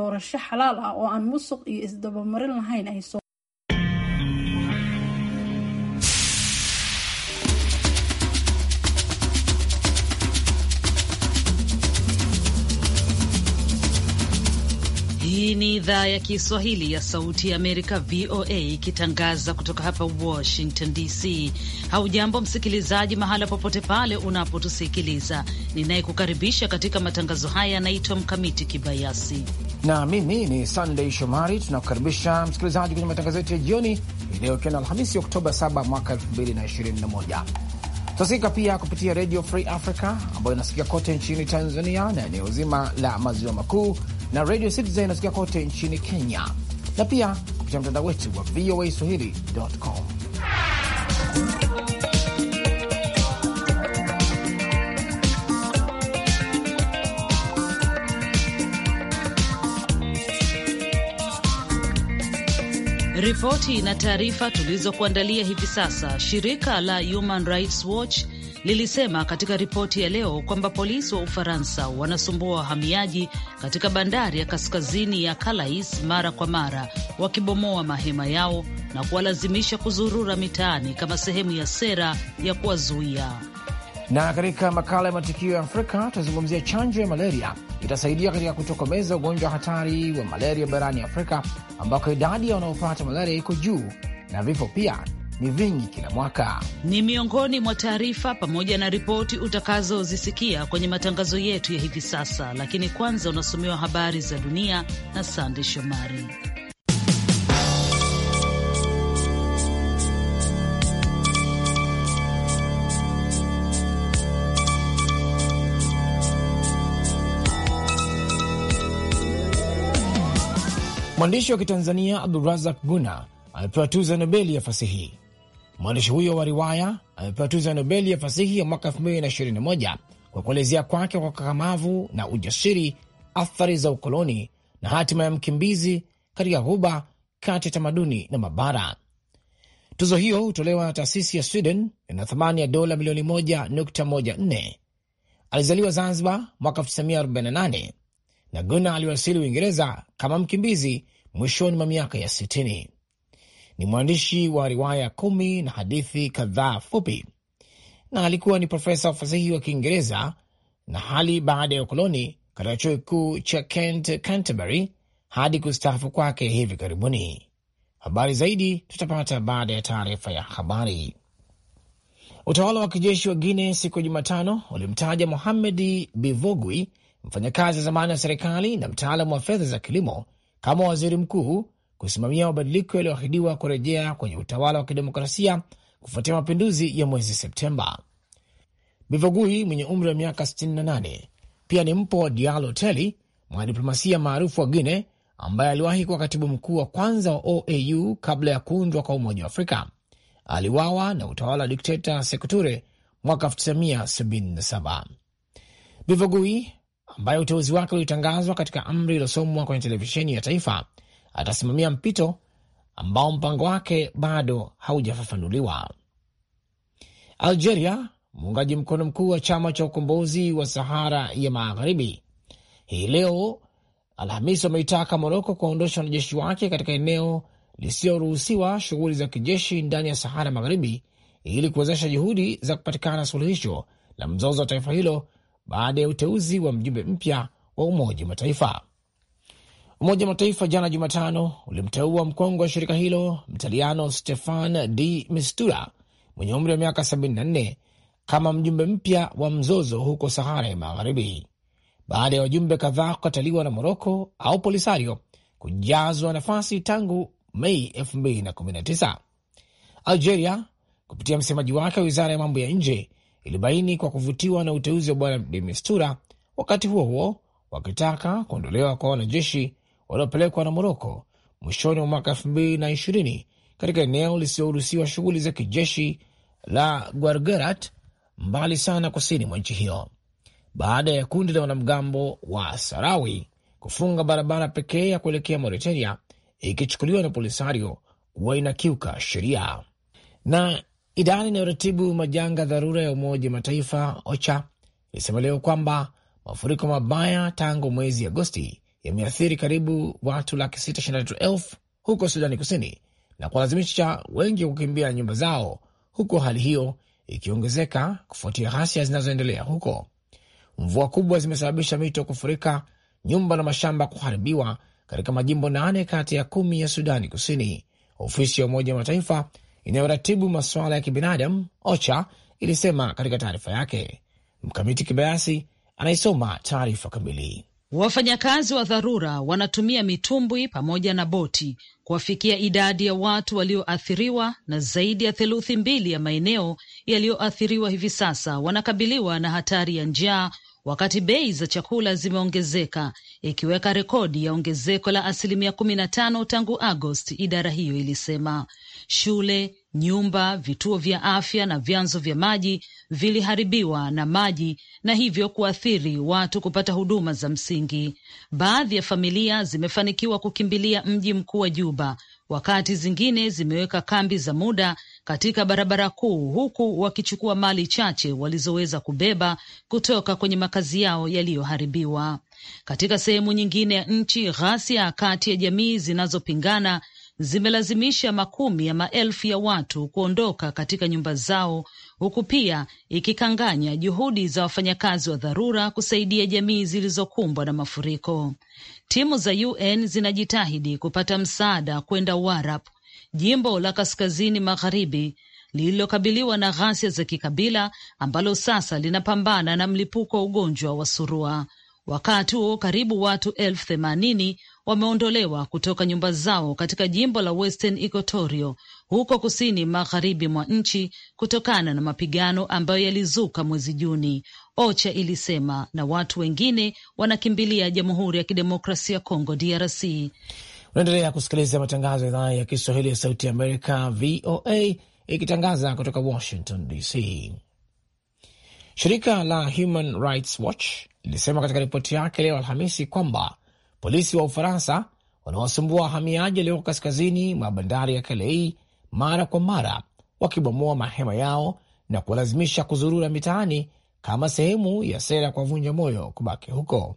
doorasho xalaal ah oo aan musuq iyo isdabamarin lahayn ay soo idhaa ya Kiswahili ya Sauti ya Amerika, VOA, ikitangaza kutoka hapa Washington DC. Haujambo msikilizaji, mahala popote pale unapotusikiliza. Ninayekukaribisha katika matangazo haya yanaitwa Mkamiti Kibayasi na mimi ni Sandey Shomari. Tunakukaribisha msikilizaji kwenye matangazo yetu ya jioni leo, ikiwa na Alhamisi Oktoba 7 mwaka 2021. Tunasikika pia kupitia Redio Free Africa ambayo inasikika kote nchini Tanzania na eneo zima la maziwa makuu na Radio Citizen inasikia kote nchini Kenya na pia kupitia mtandao wetu wa VOA swahili.com. Ripoti na taarifa tulizokuandalia hivi sasa. Shirika la Human Rights Watch lilisema katika ripoti ya leo kwamba polisi wa Ufaransa wanasumbua wahamiaji katika bandari ya kaskazini ya Calais mara kwa mara, wakibomoa mahema yao na kuwalazimisha kuzurura mitaani kama sehemu ya sera ya kuwazuia. Na katika makala ya matukio ya Afrika tunazungumzia chanjo ya malaria itasaidia katika kutokomeza ugonjwa hatari wa malaria barani Afrika, ambako idadi ya wanaopata malaria iko juu na vifo pia ni vingi kila mwaka. Ni miongoni mwa taarifa pamoja na ripoti utakazozisikia kwenye matangazo yetu ya hivi sasa, lakini kwanza unasomewa habari za dunia na Sande Shomari. Mwandishi wa Kitanzania Abdurazak Guna amepewa tuzo ya Nobeli ya fasihi. Mwandishi huyo wa riwaya amepewa tuzo ya Nobeli ya fasihi ya mwaka 2021 kwa kuelezea kwake kwa kakamavu na ujasiri athari za ukoloni na hatima ya mkimbizi katika ghuba kati ya tamaduni na mabara. Tuzo hiyo hutolewa na taasisi ya Sweden ina thamani ya dola milioni 1.14. Alizaliwa Zanzibar mwaka 1948 na Guna aliwasili Uingereza kama mkimbizi mwishoni mwa miaka ya 60. Ni mwandishi wa riwaya kumi na hadithi kadhaa fupi, na alikuwa ni profesa wa fasihi wa Kiingereza na hali baada ya ukoloni katika chuo kikuu cha Kent Canterbury hadi kustaafu kwake hivi karibuni. Habari zaidi tutapata baada ya taarifa ya habari. Utawala wa kijeshi wa Guine siku ya Jumatano ulimtaja Mohamedi Bivogui, mfanyakazi wa zamani wa serikali na mtaalamu wa fedha za kilimo, kama waziri mkuu kusimamia mabadiliko yaliyoahidiwa kurejea kwenye utawala wa kidemokrasia kufuatia mapinduzi ya mwezi Septemba. Bivogui mwenye umri wa miaka 68 pia ni mpo Dialo Teli, mwanadiplomasia maarufu wa Guine ambaye aliwahi kuwa katibu mkuu wa kwanza wa OAU kabla ya kuundwa kwa Umoja wa Afrika. Aliwawa na utawala wa dikteta Sekuture mwaka 1977. Bivogui ambaye uteuzi wake ulitangazwa katika amri iliyosomwa kwenye televisheni ya taifa atasimamia mpito ambao mpango wake bado haujafafanuliwa. Algeria, muungaji mkono mkuu wa chama cha ukombozi wa Sahara ya Magharibi, hii leo Alhamisi wameitaka Moroko kuwaondosha wanajeshi wake katika eneo lisiyoruhusiwa shughuli za kijeshi ndani ya Sahara Magharibi ili kuwezesha juhudi za kupatikana suluhisho la mzozo wa taifa hilo baada ya uteuzi wa mjumbe mpya wa Umoja wa Mataifa. Umoja wa Mataifa jana Jumatano ulimteua mkongwe wa shirika hilo Mtaliano Stefan d Mistura mwenye umri wa miaka 74 kama mjumbe mpya wa mzozo huko Sahara ya Magharibi baada ya wajumbe kadhaa kukataliwa na Moroko au Polisario kujazwa nafasi tangu Mei 2019. Algeria kupitia msemaji wake wa wizara ya mambo ya nje ilibaini kwa kuvutiwa na uteuzi wa bwana de Mistura, wakati huo huo wakitaka kuondolewa kwa wanajeshi waliopelekwa na Moroko mwishoni mwa mwaka elfu mbili na ishirini katika eneo lisiloruhusiwa shughuli za kijeshi la Guargerat, mbali sana kusini mwa nchi hiyo, baada ya kundi la wanamgambo wa Sarawi kufunga barabara pekee ya kuelekea Mauritania, ikichukuliwa na Polisario kuwa inakiuka sheria. Na idara inayoratibu majanga dharura ya Umoja wa Mataifa OCHA ilisema leo kwamba mafuriko mabaya tangu mwezi Agosti yameathiri karibu watu laki sita ishirini na tatu elfu huko Sudani Kusini na kuwalazimisha wengi kukimbia nyumba zao, huku hali hiyo ikiongezeka kufuatia ghasia zinazoendelea huko. Mvua kubwa zimesababisha mito kufurika, nyumba na mashamba kuharibiwa katika majimbo nane kati ya kumi ya Sudani Kusini. Ofisi ya Umoja wa Mataifa inayoratibu masuala ya kibinadamu OCHA ilisema katika taarifa yake. Mkamiti Kibayasi anaisoma taarifa kamili. Wafanyakazi wa dharura wanatumia mitumbwi pamoja na boti kuwafikia idadi ya watu walioathiriwa, na zaidi ya theluthi mbili ya maeneo yaliyoathiriwa hivi sasa wanakabiliwa na hatari ya njaa, wakati bei za chakula zimeongezeka, ikiweka rekodi ya ongezeko la asilimia kumi na tano tangu Agosti, idara hiyo ilisema. Shule, Nyumba, vituo vya afya na vyanzo vya maji viliharibiwa na maji na hivyo kuathiri watu kupata huduma za msingi. Baadhi ya familia zimefanikiwa kukimbilia mji mkuu wa Juba, wakati zingine zimeweka kambi za muda katika barabara kuu, huku wakichukua mali chache walizoweza kubeba kutoka kwenye makazi yao yaliyoharibiwa. Katika sehemu nyingine ya nchi, ghasia kati ya jamii zinazopingana zimelazimisha makumi ya maelfu ya watu kuondoka katika nyumba zao, huku pia ikikanganya juhudi za wafanyakazi wa dharura kusaidia jamii zilizokumbwa na mafuriko. Timu za UN zinajitahidi kupata msaada kwenda Warap, jimbo la kaskazini magharibi lililokabiliwa na ghasia za kikabila ambalo sasa linapambana na mlipuko wa ugonjwa wa surua. Wakati huo karibu watu elfu themanini wameondolewa kutoka nyumba zao katika jimbo la Western Equatoria huko kusini magharibi mwa nchi kutokana na mapigano ambayo yalizuka mwezi Juni, OCHA ilisema, na watu wengine wanakimbilia Jamhuri ya Kidemokrasia ya Kongo, DRC. Unaendelea kusikiliza matangazo ya idhaa ya Kiswahili ya Sauti ya Amerika, VOA, ikitangaza kutoka Washington DC. Shirika la Human Rights Watch lilisema katika ripoti yake leo Alhamisi kwamba Polisi wa Ufaransa wanaosumbua wahamiaji walioko kaskazini mwa bandari ya Kalei mara kwa mara, wakibomoa mahema yao na kuwalazimisha kuzurura mitaani kama sehemu ya sera ya kuwavunja moyo kubaki huko.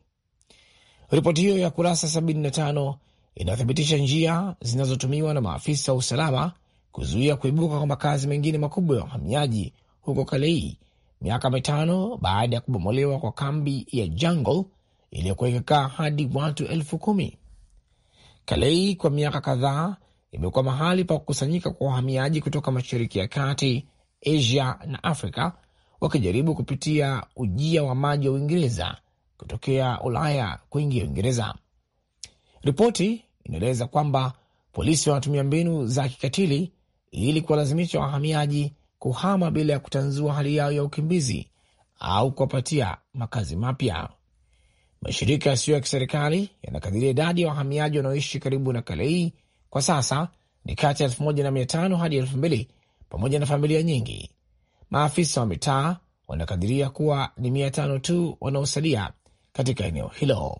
Ripoti hiyo ya kurasa 75 inathibitisha njia zinazotumiwa na maafisa wa usalama kuzuia kuibuka kwa makazi mengine makubwa ya wahamiaji huko Kalei, miaka mitano baada ya kubomolewa kwa kambi ya Jungle iliyokuwa ikikaa hadi watu elfu kumi. Kalei kwa miaka kadhaa imekuwa mahali pa kukusanyika kwa wahamiaji kutoka Mashariki ya Kati, Asia na Afrika wakijaribu kupitia ujia wa maji wa Uingereza kutokea Ulaya kuingia Uingereza. Ripoti inaeleza kwamba polisi wanatumia mbinu za kikatili ili kuwalazimisha wahamiaji kuhama bila ya kutanzua hali yao ya ukimbizi au kuwapatia makazi mapya. Mashirika yasiyo ya kiserikali yanakadiria idadi ya wahamiaji wanaoishi karibu na Kalei kwa sasa ni kati ya elfu moja na mia tano hadi elfu mbili pamoja na familia nyingi. Maafisa wa mitaa wanakadiria kuwa ni mia tano tu wanaosalia katika eneo hilo.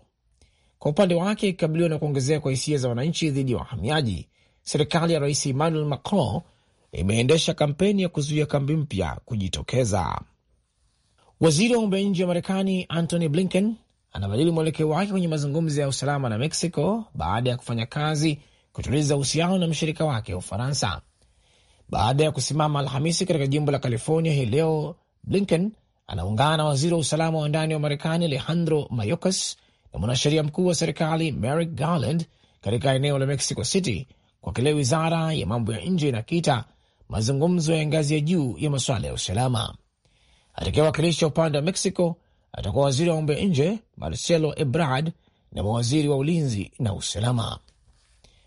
Kwa upande wake, ikikabiliwa na kuongezea kwa hisia za wananchi dhidi ya wahamiaji, serikali ya Rais Emmanuel Macron imeendesha kampeni ya kuzuia kambi mpya kujitokeza. Waziri wa mambo ya nje wa Marekani Antony Blinken anabadili mwelekeo wake kwenye mazungumzo ya usalama na Mexico baada ya kufanya kazi kutuliza uhusiano na mshirika wake Ufaransa. Baada ya kusimama Alhamisi katika jimbo la California hii leo, Blinken anaungana na waziri wa usalama wa ndani wa Marekani Alejandro Mayorkas na mwanasheria mkuu wa serikali Merrick Garland katika eneo la Mexico City kwa kile wizara ya mambo ya nje inakita mazungumzo ya ngazi ya juu ya masuala ya usalama. Atakayewakilisha upande wa Mexico atakuwa waziri wa mambo ya nje Marcelo Ebrard na mawaziri wa ulinzi na usalama.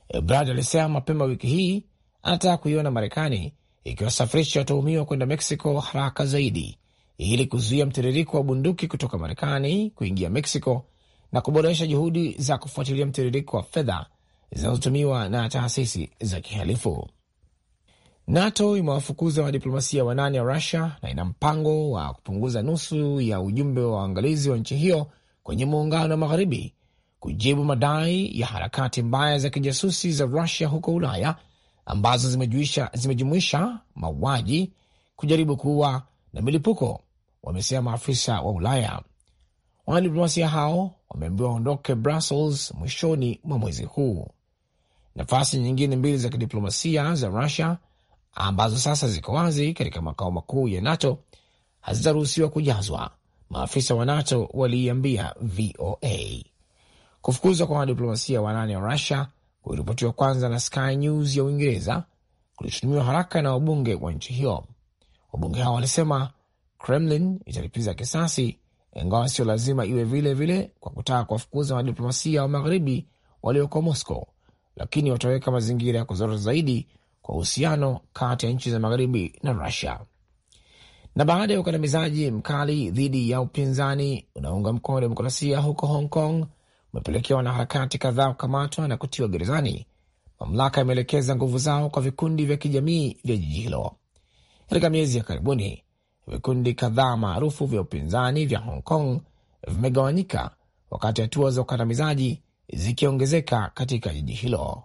Ebrard alisema mapema wiki hii anataka kuiona Marekani ikiwasafirisha watuhumiwa kwenda Mexico haraka zaidi ili kuzuia mtiririko wa bunduki kutoka Marekani kuingia Mexico na kuboresha juhudi za kufuatilia mtiririko wa fedha zinazotumiwa na taasisi za kihalifu. NATO imewafukuza wadiplomasia wanane wa Rusia na ina mpango wa kupunguza nusu ya ujumbe wa waangalizi wa nchi hiyo kwenye muungano wa magharibi kujibu madai ya harakati mbaya za kijasusi za Rusia huko Ulaya ambazo zimejumuisha mauaji, kujaribu kuua na milipuko, wamesema maafisa wa Ulaya. Wanadiplomasia hao wameambiwa waondoke Brussels mwishoni mwa mwezi huu. Nafasi nyingine mbili za kidiplomasia za Rusia ambazo sasa ziko wazi katika makao makuu ya NATO hazitaruhusiwa kujazwa, maafisa wa NATO waliiambia VOA. Kufukuzwa kwa wanadiplomasia wanane wa Rusia kuliripotiwa kwanza na Sky News ya Uingereza kulishutumiwa haraka na wabunge wa nchi hiyo. Wabunge hao walisema Kremlin italipiza kisasi, ingawa sio lazima iwe vile vile, kwa kutaka kuwafukuza wanadiplomasia wa magharibi walioko Moscow, lakini wataweka mazingira ya kuzorota zaidi kwa uhusiano kati ya nchi za magharibi na Rusia. Na baada ya ukandamizaji mkali dhidi ya upinzani unaounga mkono demokrasia huko Hong Kong umepelekea wanaharakati kadhaa kukamatwa na kutiwa gerezani, mamlaka imeelekeza nguvu zao kwa vikundi vya kijamii vya jiji hilo. Katika miezi ya karibuni, vikundi kadhaa maarufu vya upinzani vya Hong Kong vimegawanyika, wakati hatua za ukandamizaji zikiongezeka katika jiji hilo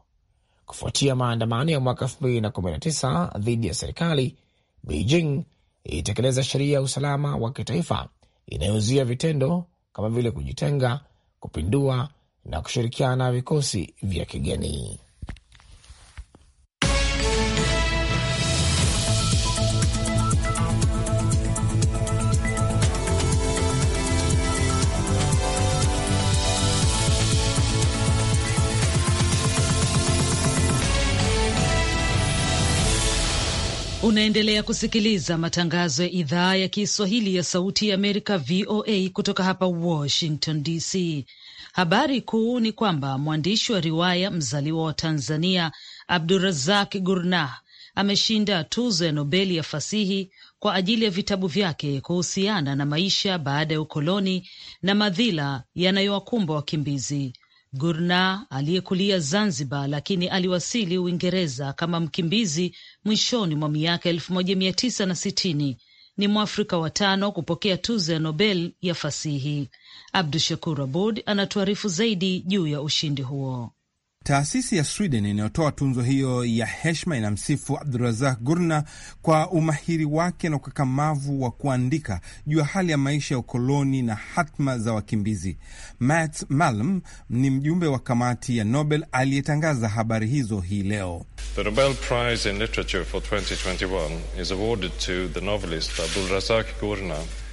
kufuatia maandamano ya mwaka 2019 dhidi ya serikali. Beijing ilitekeleza sheria ya usalama wa kitaifa inayozuia vitendo kama vile kujitenga, kupindua na kushirikiana na vikosi vya kigeni. Unaendelea kusikiliza matangazo ya idhaa ya Kiswahili ya Sauti ya Amerika, VOA, kutoka hapa Washington DC. Habari kuu ni kwamba mwandishi wa riwaya mzaliwa wa Tanzania Abdurazak Gurnah ameshinda tuzo ya Nobeli ya fasihi kwa ajili ya vitabu vyake kuhusiana na maisha baada ya ukoloni na madhila yanayowakumba wakimbizi gurna aliyekulia Zanzibar lakini aliwasili Uingereza kama mkimbizi mwishoni mwa miaka elfu moja mia tisa na sitini ni Mwafrika wa tano kupokea tuzo ya Nobel ya fasihi. Abdu Shakur Abud anatuarifu zaidi juu ya ushindi huo. Taasisi ya Sweden inayotoa tunzo hiyo ya heshima inamsifu Abdurazak Gurna kwa umahiri wake na ukakamavu wa kuandika juu ya hali ya maisha ya ukoloni na hatma za wakimbizi. Mats Malm ni mjumbe wa kamati ya Nobel aliyetangaza habari hizo hii leo. The Nobel Prize in Literature for 2021 is awarded to the novelist Abdurazak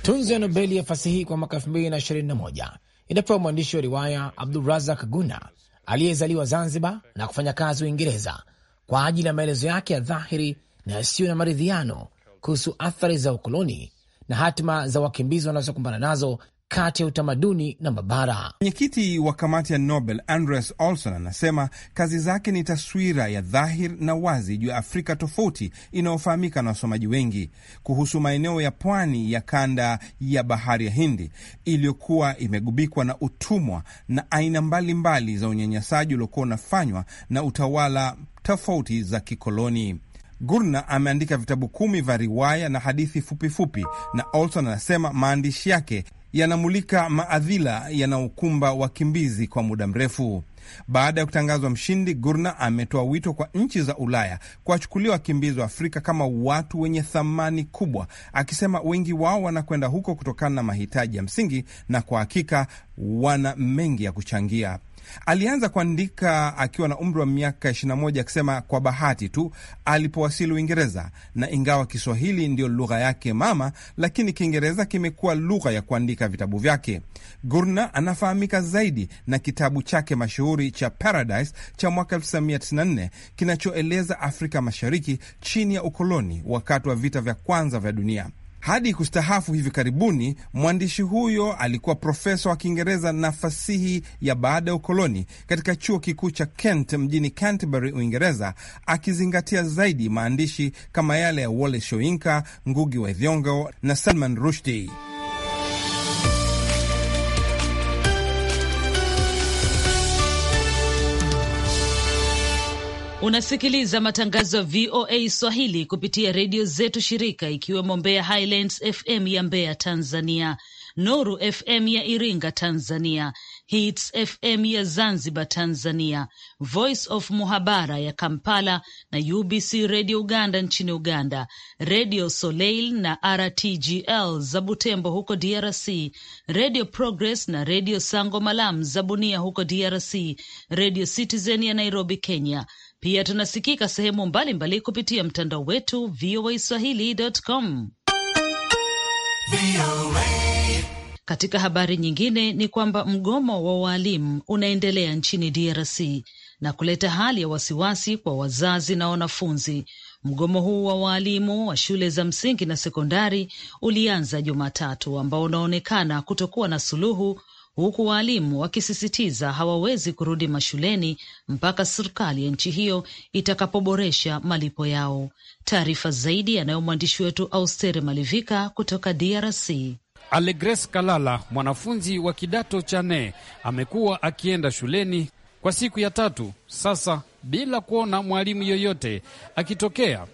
Tunzo ya Nobeli ya fasihi kwa mwaka 2021 inapewa mwandishi wa riwaya Abdurazak Gurna aliyezaliwa Zanzibar na kufanya kazi Uingereza, kwa ajili ya maelezo yake ya dhahiri na yasiyo na maridhiano kuhusu athari za ukoloni na hatima za wakimbizi wanazokumbana nazo kati ya utamaduni na mabara. Mwenyekiti wa kamati ya Nobel Andres Olson anasema kazi zake ni taswira ya dhahir na wazi juu ya Afrika tofauti inayofahamika na wasomaji wengi kuhusu maeneo ya pwani ya kanda ya bahari ya Hindi iliyokuwa imegubikwa na utumwa na aina mbalimbali mbali za unyanyasaji uliokuwa unafanywa na utawala tofauti za kikoloni. Gurna ameandika vitabu kumi vya riwaya na hadithi fupifupi fupi, na Olson anasema maandishi yake yanamulika maadhila yanaokumba wakimbizi kwa muda mrefu. Baada ya kutangazwa mshindi, Gurna ametoa wito kwa nchi za Ulaya kuwachukulia wakimbizi wa Afrika kama watu wenye thamani kubwa, akisema wengi wao wanakwenda huko kutokana na mahitaji ya msingi, na kwa hakika wana mengi ya kuchangia. Alianza kuandika akiwa na umri wa miaka 21 akisema kwa bahati tu alipowasili Uingereza, na ingawa Kiswahili ndiyo lugha yake mama, lakini Kiingereza kimekuwa lugha ya kuandika vitabu vyake. Gurna anafahamika zaidi na kitabu chake mashuhuri cha Paradise cha mwaka 1994 kinachoeleza Afrika Mashariki chini ya ukoloni wakati wa vita vya kwanza vya dunia. Hadi kustahafu hivi karibuni, mwandishi huyo alikuwa profesa wa Kiingereza na fasihi ya baada ya ukoloni katika chuo kikuu cha Kent mjini Canterbury, Uingereza, akizingatia zaidi maandishi kama yale ya Wole Soyinka, Ngugi wa Thiong'o na Salman Rushdie. Unasikiliza matangazo ya VOA Swahili kupitia redio zetu shirika, ikiwemo Mbeya Highlands FM ya Mbeya Tanzania, Noru FM ya Iringa Tanzania, Hits FM ya Zanzibar Tanzania, Voice of Muhabara ya Kampala na UBC redio Uganda nchini Uganda, redio Soleil na RTGL za Butembo huko DRC, redio Progress na redio Sango Malam za Bunia huko DRC, redio Citizen ya Nairobi, Kenya, pia tunasikika sehemu mbalimbali kupitia mtandao wetu VOA Swahili.com. Katika habari nyingine ni kwamba mgomo wa waalimu unaendelea nchini DRC na kuleta hali ya wasiwasi kwa wazazi na wanafunzi. Mgomo huu wa waalimu wa shule za msingi na sekondari ulianza Jumatatu, ambao unaonekana kutokuwa na suluhu huku waalimu wakisisitiza hawawezi kurudi mashuleni mpaka serikali ya nchi hiyo itakapoboresha malipo yao. Taarifa zaidi yanayo mwandishi wetu Austeri Malivika kutoka DRC. Alegres Kalala, mwanafunzi wa kidato cha nne, amekuwa akienda shuleni kwa siku ya tatu sasa bila kuona mwalimu yoyote akitokea.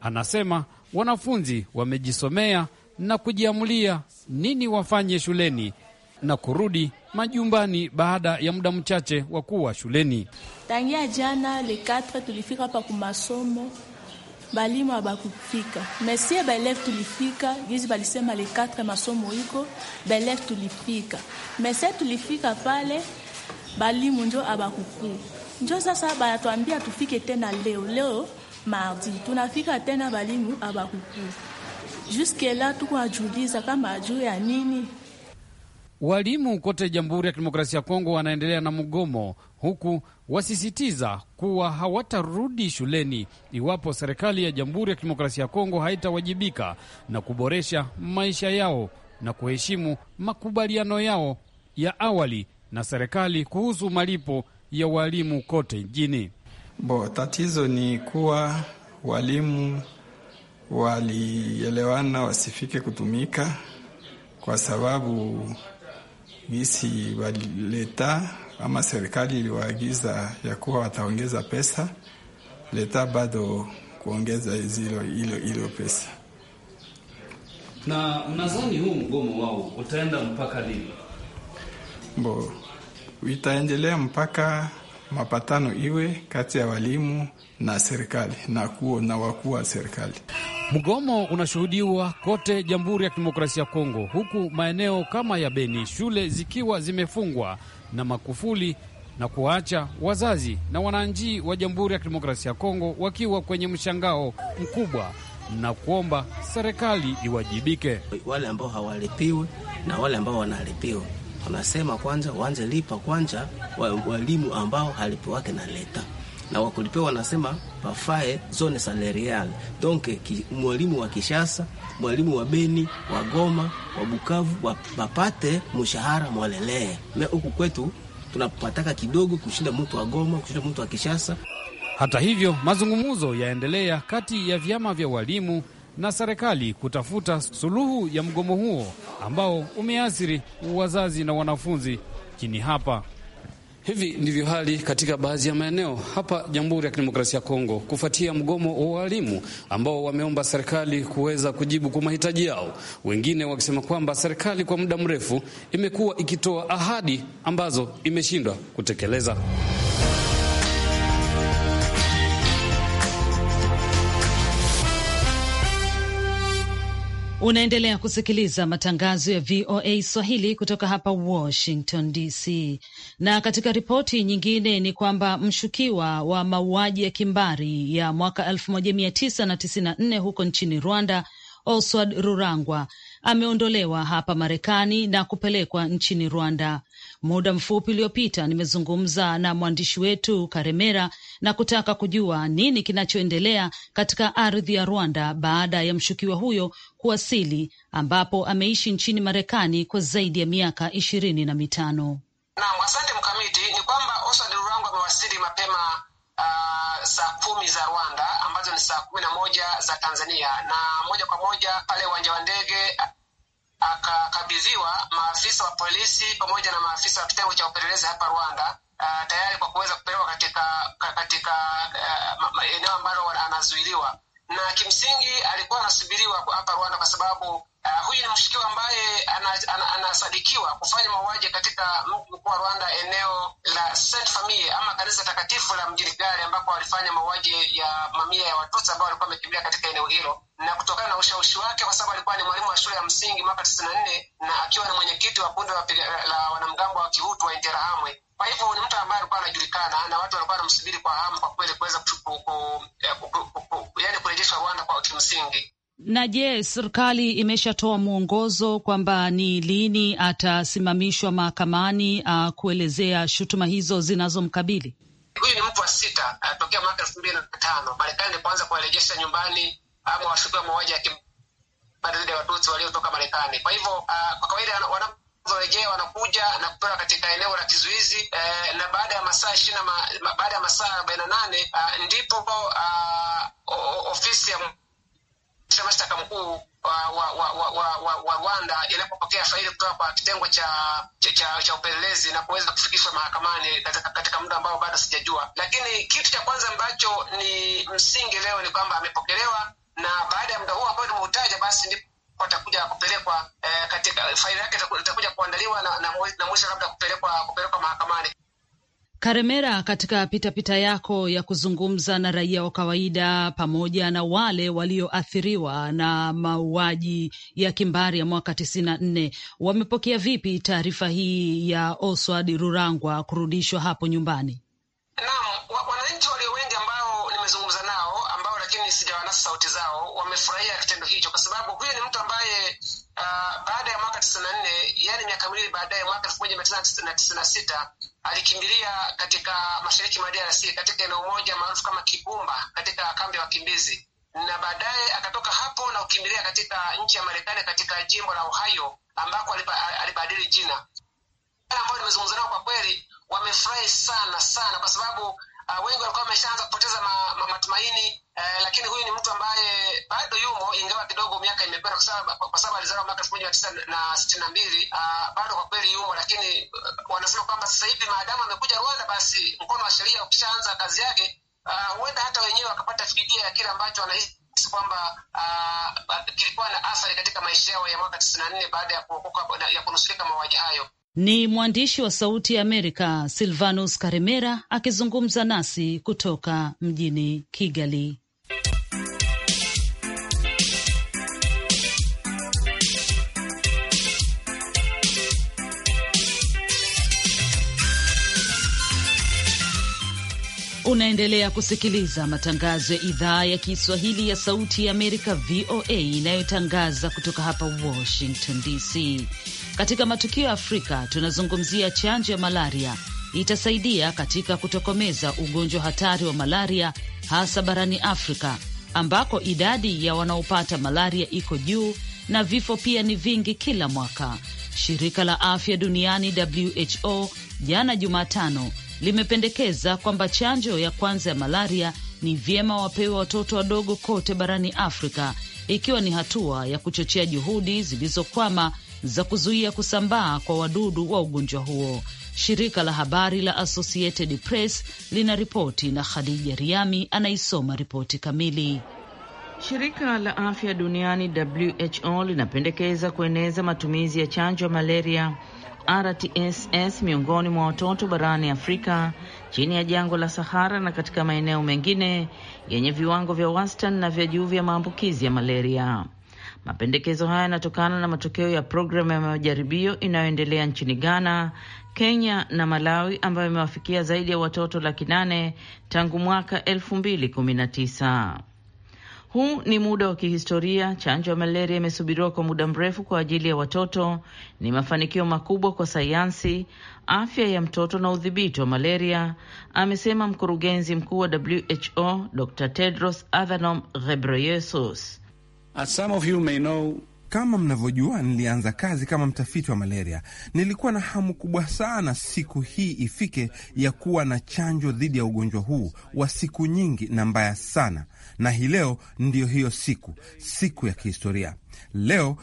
Anasema wanafunzi wamejisomea na kujiamulia nini wafanye shuleni na kurudi majumbani baada ya muda mchache wa kuwa shuleni. Tangia jana le 4 tulifika hapa kwa masomo, balimu abakufika mesie, baelef, tulifika gizi, balisema le 4 masomo iko baelef, tulifika mesie, tulifika pale balimu njo abakukuu, njo sasa bayatwambia tufike tena leo leo mardi, tunafika tena balimu abakukuu. Juske la tuko kama juu ya nini Walimu kote Jamhuri ya Kidemokrasia ya Kongo wanaendelea na mgomo, huku wasisitiza kuwa hawatarudi shuleni iwapo serikali ya Jamhuri ya Kidemokrasia ya Kongo haitawajibika na kuboresha maisha yao na kuheshimu makubaliano yao ya awali na serikali kuhusu malipo ya walimu kote nchini. Bo, tatizo ni kuwa walimu walielewana wasifike kutumika kwa sababu gisi walileta ama serikali iliwaagiza ya kuwa wataongeza pesa, leta bado kuongeza zilo ilo ilo pesa. Na mnazani huu mgomo wao utaenda mpaka lini? Bo, itaendelea mpaka mapatano iwe kati ya walimu na serikali na kuo na wakuu wa serikali. Mgomo unashuhudiwa kote Jamhuri ya Kidemokrasia ya Kongo, huku maeneo kama ya Beni shule zikiwa zimefungwa na makufuli na kuwaacha wazazi na wananchi wa Jamhuri ya Kidemokrasia ya Kongo wakiwa kwenye mshangao mkubwa na kuomba serikali iwajibike. Wale ambao hawalipiwi na wale ambao wanalipiwa, wanasema kwanza waanze lipa kwanza walimu ambao halipiwake na leta na wakulipewa wanasema pafae zone salarial donc mwalimu wa Kishasa, mwalimu wa Beni, wa Goma, wa Bukavu wapate mshahara mwalelee. Na huku kwetu tunapataka kidogo kushinda mtu wa Goma, kushinda mtu wa Kishasa. Hata hivyo, mazungumzo yaendelea kati ya vyama vya walimu na serikali kutafuta suluhu ya mgomo huo ambao umeathiri wazazi na wanafunzi chini hapa Hivi ndivyo hali katika baadhi ya maeneo hapa Jamhuri ya Kidemokrasia ya Kongo kufuatia mgomo wa walimu ambao wameomba serikali kuweza kujibu kwa mahitaji yao, wengine wakisema kwamba serikali kwa muda mrefu imekuwa ikitoa ahadi ambazo imeshindwa kutekeleza. Unaendelea kusikiliza matangazo ya VOA Swahili kutoka hapa Washington DC. Na katika ripoti nyingine ni kwamba mshukiwa wa mauaji ya kimbari ya mwaka 1994 huko nchini Rwanda, Oswald Rurangwa ameondolewa hapa Marekani na kupelekwa nchini Rwanda. Muda mfupi uliopita nimezungumza na mwandishi wetu Karemera na kutaka kujua nini kinachoendelea katika ardhi ya Rwanda baada ya mshukiwa huyo kuwasili, ambapo ameishi nchini Marekani kwa zaidi ya miaka ishirini na mitano. Naam, asante Mkamiti. Ni kwamba Oswald amewasili mapema uh, saa kumi za Rwanda ambazo ni saa kumi na moja za Tanzania, na moja kwa moja pale uwanja wa ndege akakabidhiwa maafisa wa polisi pamoja na maafisa wa kitengo cha upelelezi hapa Rwanda, uh, tayari kwa kuweza kupelekwa katika katika uh, eneo ambalo anazuiliwa, na kimsingi alikuwa anasubiriwa hapa Rwanda kwa sababu Uh, huyu ni mshukiwa ambaye anasadikiwa ana, ana kufanya mauaji katika mkoa wa Rwanda, eneo la Saint Famille ama kanisa takatifu la mjini Kigali, ambako walifanya mauaji ya mamia ya Watutsi ambao walikuwa wamekimbilia katika eneo hilo na kutokana na ushawishi wake, kwa sababu alikuwa ni mwalimu wa shule ya msingi mwaka tisini na nne na akiwa ni mwenyekiti wa kundi la wanamgambo wa kihutu wa Interahamwe. Kwa hivyo ni mtu ambaye alikuwa anajulikana na watu walikuwa wanamsubiri kwa hamu kwa kweli kuweza yani kurejeshwa Rwanda kwa kimsingi. Na je, serikali imeshatoa mwongozo kwamba ni lini atasimamishwa mahakamani uh, kuelezea shutuma hizo zinazomkabili? Huyu ni mtu wa sita anatokea mwaka elfu mbili na tano Marekani kuanza kuwarejesha nyumbani ama washukiwa mauaji ya kimbari dhidi ya Watutsi waliotoka Marekani. Kwa hivyo uh, kwa kawaida wanaporejea wanakuja na kupewa katika eneo la kizuizi uh, na baada ya masaa ishirini baada ya masaa arobaini na nane uh, ndipo uh, ofisi ya mwendesha mashtaka mkuu wa, wa, wa, wa, wa, wa, wa Rwanda inapopokea faili kutoka kwa kitengo cha, cha, cha, cha upelelezi na kuweza kufikishwa mahakamani katika, katika muda ambao bado sijajua. Lakini kitu cha kwanza ambacho ni msingi leo ni kwamba amepokelewa, na baada ya muda huo ambao nimeutaja, basi ndipo atakuja kupelekwa eh, katika faili yake itakuja kuandaliwa na, na, na mwisho labda kupelekwa kupelekwa mahakamani. Karemera, katika pitapita yako ya kuzungumza na raia wa kawaida pamoja na wale walioathiriwa na mauaji ya kimbari ya mwaka tisini na nne, wamepokea vipi taarifa hii ya Oswald Rurangwa kurudishwa hapo nyumbani? Naam, wananchi walio wengi ambao nimezungumza nao, ambao lakini sijawanasa sauti zao, wamefurahia kitendo hicho, kwa sababu huyu ni mtu ambaye Uh, baada ya mwaka tisini na nne yani miaka miwili baadaye, mwaka elfu moja mia tisa na tisini na sita alikimbilia katika mashariki mwa DRC katika eneo moja maarufu kama Kibumba katika kambi ya wakimbizi, na baadaye akatoka hapo na kukimbilia katika nchi ya Marekani katika jimbo la Ohio ambako alibadili jina. Ambao nimezungumza nao kwa kweli wamefurahi sana sana, kwa sababu uh, wengi walikuwa wameshaanza kupoteza ma, ma, matumaini uh, lakini huyu ni mtu ambaye bado yumo, ingawa kidogo miaka imepera kwa sababu alizaliwa mwaka elfu moja mia tisa na sitini na mbili. Uh, bado kwa kweli yumo, lakini uh, wanasema kwamba sasa hivi maadamu amekuja Rwanda, basi mkono wa sheria ukishaanza kazi yake, ah, huenda uh, hata wenyewe wakapata fidia ya kile ambacho wanahisi kwamba uh, kilikuwa na athari katika maisha yao ya mwaka tisini na nne baada ya kuokoka ya kunusurika mauaji hayo. Ni mwandishi wa Sauti ya Amerika Silvanus karimera akizungumza nasi kutoka mjini Kigali. Unaendelea kusikiliza matangazo ya idhaa ya Kiswahili ya Sauti ya Amerika, VOA, inayotangaza kutoka hapa Washington DC. Katika matukio ya Afrika tunazungumzia chanjo ya malaria itasaidia katika kutokomeza ugonjwa hatari wa malaria hasa barani Afrika ambako idadi ya wanaopata malaria iko juu na vifo pia ni vingi kila mwaka. Shirika la afya duniani WHO jana Jumatano limependekeza kwamba chanjo ya kwanza ya malaria ni vyema wapewe watoto wadogo kote barani Afrika, ikiwa ni hatua ya kuchochea juhudi zilizokwama za kuzuia kusambaa kwa wadudu wa ugonjwa huo. Shirika la habari la Associated Press lina ripoti na Khadija Riami anaisoma ripoti kamili. Shirika la afya duniani WHO linapendekeza kueneza matumizi ya chanjo ya malaria RTSS miongoni mwa watoto barani Afrika chini ya jangwa la Sahara na katika maeneo mengine yenye viwango vya wastani na vya juu vya maambukizi ya malaria. Mapendekezo haya yanatokana na matokeo ya programu ya majaribio inayoendelea nchini Ghana, Kenya na Malawi ambayo imewafikia zaidi ya watoto laki nane tangu mwaka elfu mbili kumi na tisa. Huu ni muda wa kihistoria. Chanjo ya malaria imesubiriwa kwa muda mrefu kwa ajili ya watoto. Ni mafanikio makubwa kwa sayansi, afya ya mtoto na udhibiti wa malaria, amesema mkurugenzi mkuu wa WHO Dr Tedros Adhanom Ghebreyesus. As some of you may know, kama mnavyojua, nilianza kazi kama mtafiti wa malaria. Nilikuwa na hamu kubwa sana siku hii ifike ya kuwa na chanjo dhidi ya ugonjwa huu wa siku nyingi na mbaya sana, na hii leo ndiyo hiyo siku, siku ya kihistoria. Leo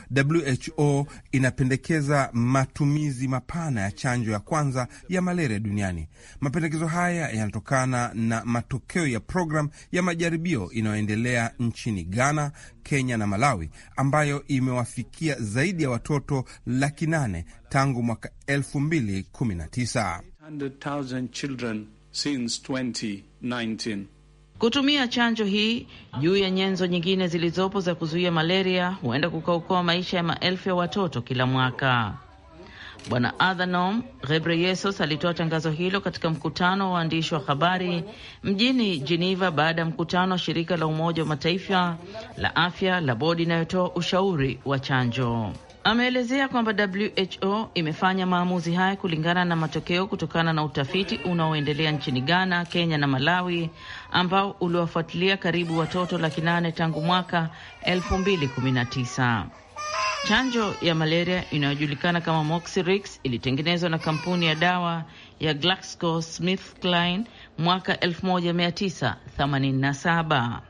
WHO inapendekeza matumizi mapana ya chanjo ya kwanza ya malaria duniani. Mapendekezo haya yanatokana na matokeo ya programu ya majaribio inayoendelea nchini Ghana, Kenya na Malawi ambayo imewafikia zaidi ya watoto laki nane tangu mwaka 2019. Kutumia chanjo hii juu ya nyenzo nyingine zilizopo za kuzuia malaria huenda kukaokoa maisha ya maelfu ya watoto kila mwaka. Bwana Adhanom Ghebreyesus alitoa tangazo hilo katika mkutano wa waandishi wa habari mjini Geneva baada ya mkutano wa shirika la Umoja wa Mataifa la afya la bodi inayotoa ushauri wa chanjo. Ameelezea kwamba WHO imefanya maamuzi haya kulingana na matokeo kutokana na utafiti unaoendelea nchini Ghana, Kenya na Malawi ambao uliwafuatilia karibu watoto laki nane tangu mwaka 2019. Chanjo ya malaria inayojulikana kama Moxirix ilitengenezwa na kampuni ya dawa ya GlaxoSmithKline mwaka 1987.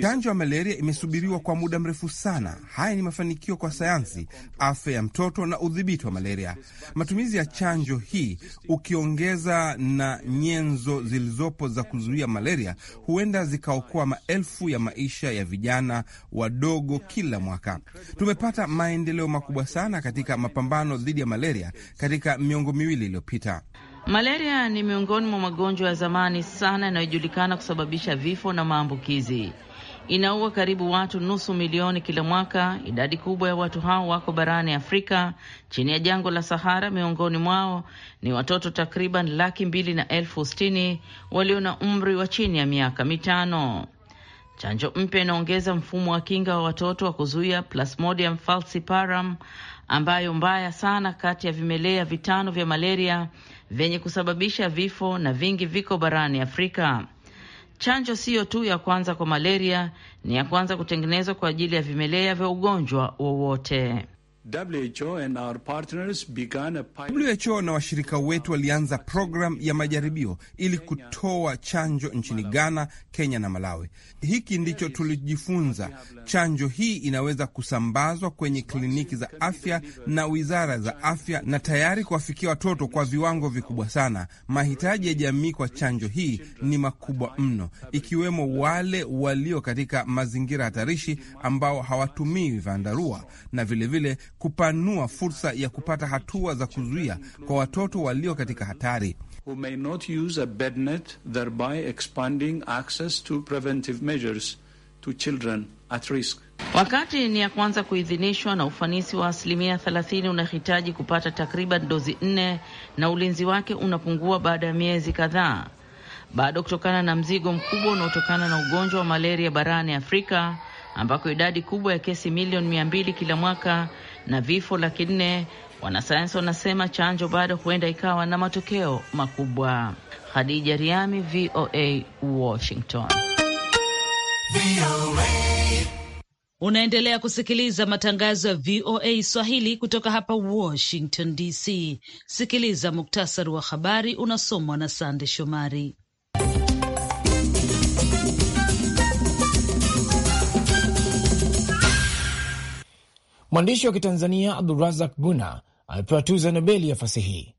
Chanjo ya malaria imesubiriwa kwa muda mrefu sana. Haya ni mafanikio kwa sayansi, afya ya mtoto na udhibiti wa malaria. Matumizi ya chanjo hii ukiongeza na nyenzo zilizopo za kuzuia malaria, huenda zikaokoa maelfu ya maisha ya vijana wadogo kila mwaka. Tumepata maendeleo makubwa sana katika mapambano dhidi ya malaria katika miongo miwili iliyopita. Malaria ni miongoni mwa magonjwa ya zamani sana yanayojulikana kusababisha vifo na maambukizi. Inaua karibu watu nusu milioni kila mwaka. Idadi kubwa ya watu hao wako barani Afrika chini ya jangwa la Sahara. Miongoni mwao ni watoto takriban laki mbili na elfu sitini walio na umri wa chini ya miaka mitano. Chanjo mpya inaongeza mfumo wa kinga wa watoto wa kuzuia Plasmodium falciparum, ambayo mbaya sana kati ya vimelea vitano vya malaria vyenye kusababisha vifo na vingi viko barani Afrika. Chanjo siyo tu ya kwanza kwa malaria, ni ya kwanza kutengenezwa kwa ajili ya vimelea vya ugonjwa wowote. WHO na washirika wetu walianza programu ya majaribio ili kutoa chanjo nchini Ghana, Kenya na Malawi. Hiki ndicho tulijifunza. Chanjo hii inaweza kusambazwa kwenye kliniki za afya na wizara za afya na tayari kuwafikia watoto kwa viwango vikubwa sana. Mahitaji ya jamii kwa chanjo hii ni makubwa mno, ikiwemo wale walio katika mazingira hatarishi ambao hawatumii vandarua na vilevile vile kupanua fursa ya kupata hatua za kuzuia kwa watoto walio katika hatari. Wakati ni ya kwanza kuidhinishwa na ufanisi wa asilimia 30 unahitaji kupata takriban dozi nne na ulinzi wake unapungua baada ya miezi kadhaa bado kutokana na mzigo mkubwa unaotokana na ugonjwa wa malaria barani Afrika ambako idadi kubwa ya kesi milioni mia mbili kila mwaka na vifo laki nne. Wanasayansi wanasema chanjo bado huenda ikawa na matokeo makubwa. Khadija Riami, VOA, Washington. Unaendelea kusikiliza matangazo ya VOA Swahili kutoka hapa Washington DC. Sikiliza muktasari wa habari unasomwa na Sande Shomari. Mwandishi wa Kitanzania Abdurazak Guna amepewa tuzo ya Nobeli ya fasihi.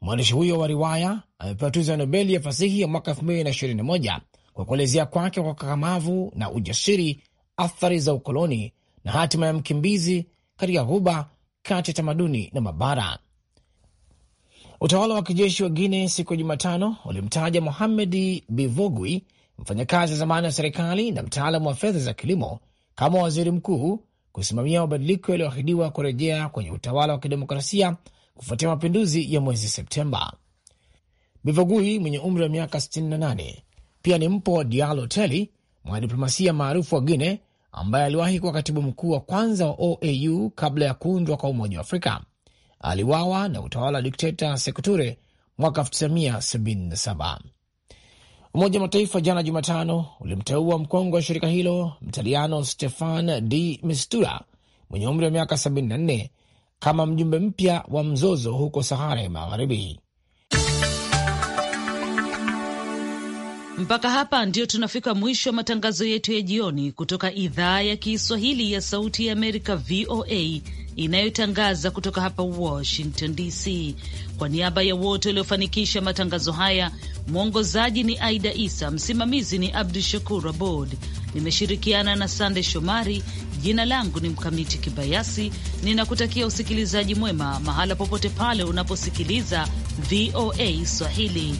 Mwandishi huyo wa riwaya amepewa tuzo ya Nobeli ya fasihi ya mwaka 2021 kwa kuelezea kwake kwa ukakamavu na ujasiri athari za ukoloni na hatima ya mkimbizi katika ghuba kati ya tamaduni na mabara. Utawala wa kijeshi wa Guine siku ya Jumatano ulimtaja Mohamedi Bivogui, mfanyakazi wa zamani wa serikali na mtaalamu wa fedha za kilimo, kama waziri mkuu kusimamia mabadiliko yaliyoahidiwa kurejea kwenye utawala wa kidemokrasia kufuatia mapinduzi ya mwezi Septemba. Bivogui mwenye umri wa miaka 68 pia ni mpo Dialo Teli, mwanadiplomasia maarufu wa Guine ambaye aliwahi kuwa katibu mkuu wa kwanza wa OAU kabla ya kuundwa kwa Umoja wa Afrika. Aliwawa na utawala wa dikteta sekuture mwaka 1977. Umoja wa Mataifa jana Jumatano ulimteua mkongwe wa shirika hilo Mtaliano Stefan d Mistura mwenye umri wa miaka 74 kama mjumbe mpya wa mzozo huko Sahara ya Magharibi. Mpaka hapa ndio tunafika mwisho wa matangazo yetu ya jioni kutoka idhaa ya Kiswahili ya Sauti ya Amerika, VOA, inayotangaza kutoka hapa Washington DC. Kwa niaba ya wote waliofanikisha matangazo haya, mwongozaji ni Aida Isa, msimamizi ni Abdu Shakur Abod. Nimeshirikiana na Sande Shomari. Jina langu ni Mkamiti Kibayasi, ninakutakia usikilizaji mwema mahala popote pale unaposikiliza VOA Swahili.